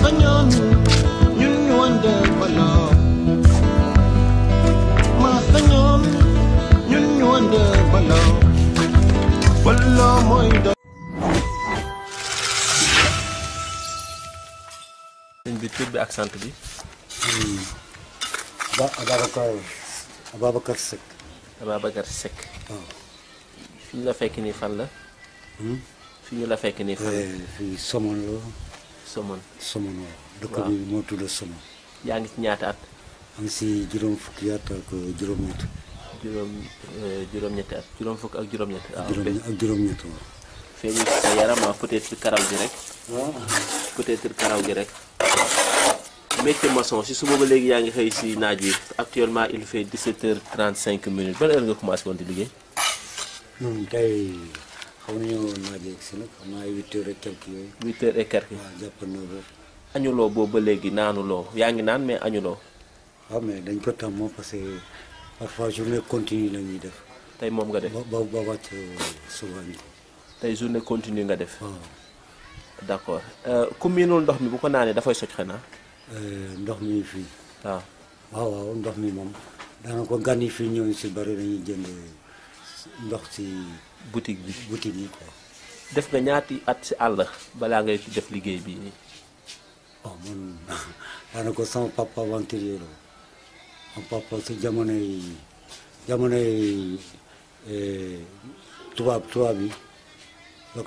ba ñoom ñun ñu wandeel ñu wandeel baloo baloo mooy doon sëñ bi tur bi ak sant bi hmm. ba Ababacar oh. fi ñu la fekk nii fan la hmm? fi ñu la fekk nii fan la eh, Somone. Somone waaw. dëkk bi moo tudd Somone. yaa ngi ci ñaata at. am si juróom fukk at ak euh, juróom-ñett. juróom ñett euh, juróom juróom fukk ak juróom-ñett. waaw ah, ak juróom-ñett waaw. feeñu sa yaram ah, peut-être karaw gi rek. waaw peut-être karaw gi rek. métier maçon si suma ba léegi yaa ngi xëy si naaj wi actuellement il fait 17 heures 35 minutes ban heure nga commencé woon di liggéey. Hmm, xaw ma ñëwoon si nag xam naa huit heures et quelques yooyu. huit heures et añuloo boobu ba léegi naanuloo yaa ngi naan mais añuloo. waaw mais dañ ko tam moom parce que parfois journée continue lañuy def. tey moom nga def ba ba ba wàcc euh, tey journée continue nga def. waaw. accord euh, ku miinul ndox mi bu ko naanee dafay socc xanaa. Euh, ndox mi fii. Ah. waaw waaw ndox mi moom daanaka gan yi fii ñëw si bari dañuy jënd. ndox ci boutique bi boutique yi quoi. def nga ñaati at ci àll balaa ngay def liggéey bii nii. waaw oh, man daanaka sama papa aventurier la sama papa si jamonoy jamonoy eh, yi ko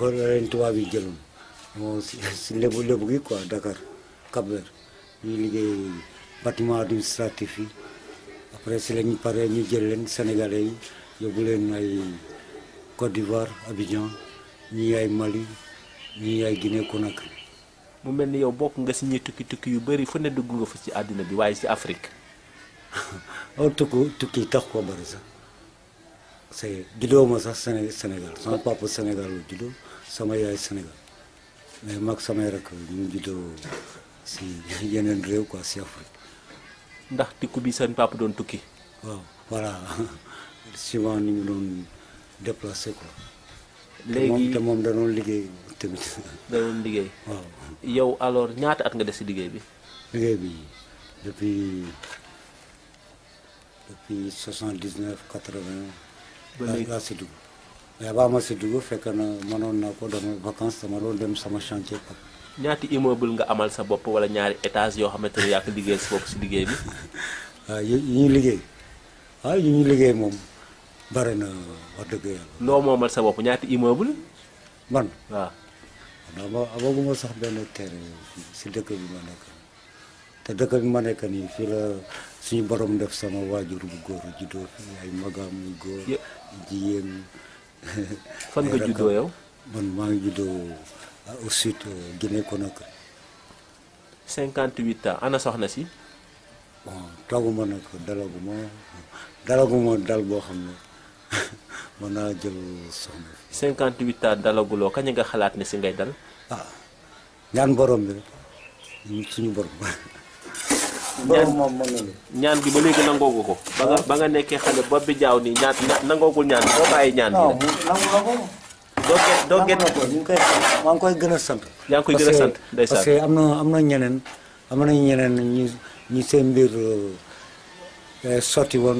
leen yi jëloon si si lébu lébu gi quoi Dakar Cap Vert liggéey bâtiment administratif yi après si la pare paree ñu jël leen Sénégalais yi. yóbbu boleh ay Côte d'Ivoire Abidjan ay Mali ñii ay Guinée Conakry. mu melni yow bok nga signé tukki tukki yu bari fa ne dugg nga fa ci àddina bi waye ci Afrique. Aw oh, tukku tukki tax ko bari sa. c'est juddoo ma sa Sénégal sama papa Sénégal lu sama yaay Sénégal mais rek ñu si yeneen rew quoi ci Afrique. ndax tukku bi sen papa don tukki. waaw voilà souvent ni ñu doon déplacé quoi. léegi te moom da doon liggéey tamit. da doon liggéey. waaw oh. yow alors ñaata at nga des si liggéey bi. liggéey bi depuis depuis soixante dix neuf quatre vingt. ba léegi laa ya, si dugg. mais avant ma si dugg fekk na mënoon naa ko dama vacance dama doon dem sama chantier quoi. ñaati immeuble nga amal sa bopp wala ñaari étage yoo xamante ne yaa ko liggéey si bopp si liggéey bi. waaw ah, yi ñuy liggéey waaw ah, yi ñuy liggéey moom bari na wax deug yalla lo momal sa bop ñaati immeuble man wa dama abaguma sax ben terre ci deuk bi ma nek te deuk bi ma nek ni fi la suñu borom def sama wajur bu goor do fi ay magam yu goor yeen fan nga Judo yow man ma ngi jiddo euh, au sud euh, guinée conakry 58 ans ana soxna si bon taguma nak dalaguma dalaguma dal bo xamne mën jël soxna. 58 ta dalaguloo kañ nga xalaat ne si ngay dal. ah ñaan borom bi suñu borom. borom moom mën na ñaan bi ba léegi nangogo ko. ba nga ah. ba nga nekkee xale bopp bi jaaw ni ñaan nangoogul ñaan bo bàyyi ñaan bi nag. Ah, nangu na ko. doo gét doo gét nangu na sant. yaa ngi koy sant ndeysaan parce que am na ñeneen am ñeneen ñu ñu seen mbir eh, sotti woon.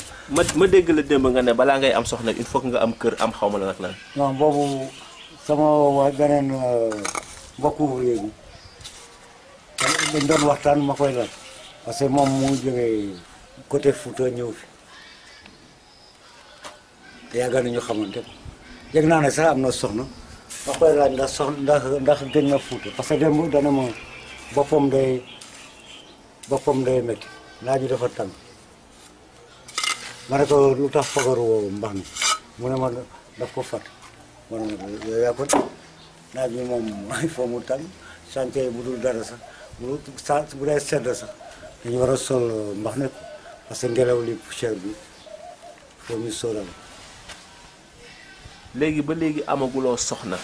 ma ma dégg la démb nga ne balaa ngay am soxna il faut que nga am kër am xaw ma la nag lan. non boobu waa beneen euh, mbokku ouvrier bi doon waxtaan ma koy laaj parce que moom mu jógee côté Fouta ñëw fi te yàgg nañu xamante yëg naa ne sax am na soxna. ma koy laaj ndax soxna na Fouta parce que démb dana ma boppam day day métti naaj bi dafa tàng. ma ne ko lu tax fagaru woo mbax mi mu ne ma daf ko fat ma ne ko yow yaa ko naaj bi moom il faut mu tàng chantier bu dul dara sax bu sa bu dee sedd sax dañu war a sol mbax ne ko parce que ngelaw li poussière bi foo ñu sóoral léegi ba léegi amaguloo soxna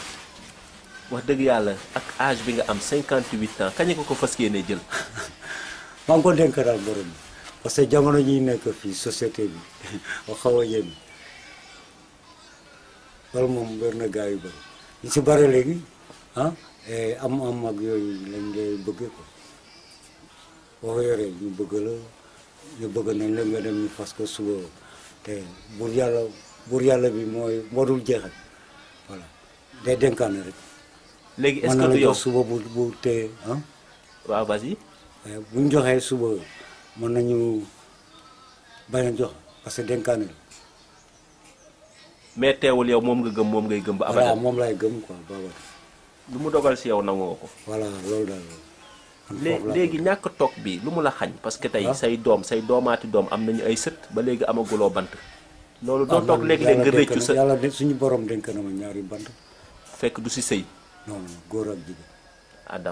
wax dëgg yàlla ak âge bi nga am 58 ans kañ ko ko fas yéene jël. maa ngi ko dénk daal borom parce que jamono ji nekk fii société bi wax xaw a yéen loolu moom wér na gaa yu bëri ñu si bëri léegi ah eh, am am ak yooyu lañ lay bëggee ko boo yoree ñu bëgg la ñu bëgg nañ la ga dem ñu fas ko suba te buur yàlla buur yàlla bi mooy moo dul jeexal voilà day dénkaane rek. léegi est la jox suba bu bu ah. eh, bu joxee suba. mën nañu bañ a jox parce que dénkaane la mais teewul yow moom nga gëm moom ngay gëm ba abada moom lay gëm quoi baba lu mu dogal si yow nangoo ko voilà loolu daal léegi ñàkk toog bi lu mu la xañ parce que tey ah? say doom say doomaati doom am nañu ay sët ba léegi amaguloo bant loolu ah, doo toog léegi-léegi nga rëccu sa yàlla suñu borom dénk na ñaari bant fekk du si sëy non góor ak ah d'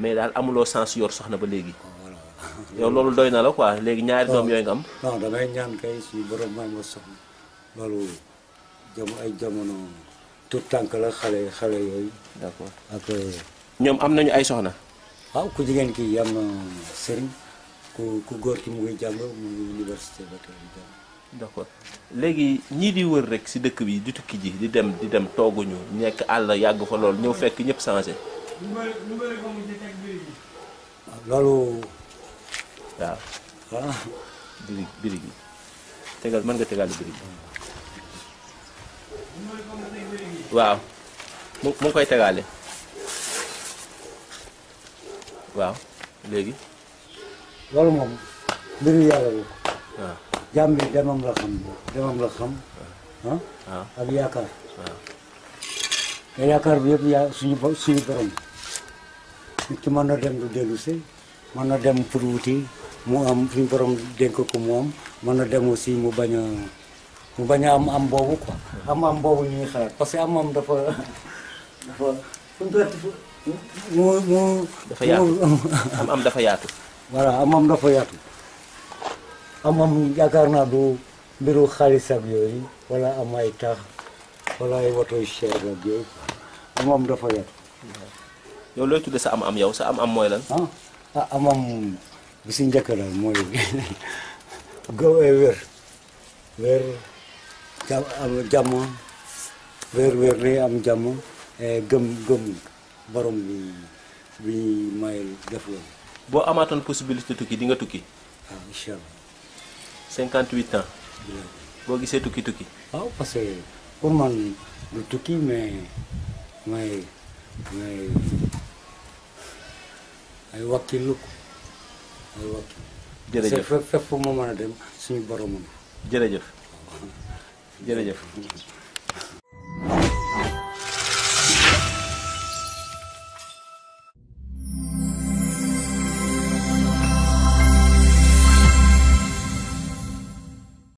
mais daal amuloo sens yor soxna ba léegi yow loolu doy na la quoi léegi ñaari doom yooyu nga am. non damay ñaan kay suñu borom may ma soxla loolu jamono ay jamono tout tànk la xale xale yooyu. d'accord ak. Euh, ñoom am nañu ay soxna. waaw ku jigéen kii am na sëriñ ku ku góor ki mu ngi jàng mu ngi université ba tey jàng. d'accord léegi ñii di wër rek si dëkk bi di tukki ji di dem di dem tooguñu nekk àll yàgg fa loolu ñëw fekk ñëpp changé. loolu. waaw. ah birig birig bi tegal mën nga tegal birig bi waaw mu mu ngi koy tegale waaw léegi. loolu moom mbiru yàlla la. waaw jàmm bi demam la xam demam la xam. Ah, ak yaakaar. yaakaar bi yëpp yaa suñu suñu borom. nit ki mën na dem du dellu mën na dem pour wuti mu am suñu borom dénk ko mu am mën na dem aussi mu bañ a mu bañ a am am boobu quoi. am am boobu ñuy xalaat parce que am am dafa dafa dafa yaatu am am dafa yaatu. am yaakaar naa du mbiru xaalis ak yooyu wala am ay tax wala ay woto yu cher ak yooyu am am dafa yaatu. yow looy tudde sa am am yow sa am am mooy lan. Ah, ah moom bi si njëkk la mooy góob wér wér am jàmm wér wér ni am jàmm eh, gëm gëm borom bi may def loolu. boo amaatoon possibilité tukki di nga tukki. waaw ah, incha allah. 58 ans. boo gisee tukki tukki. waaw ah, parce que pour man du tukki mais mais mais. ay wakkilu ay wakkilu. jërëjëf fépp fu ma a dem suñu boromam. jërëjëf jërëjëf.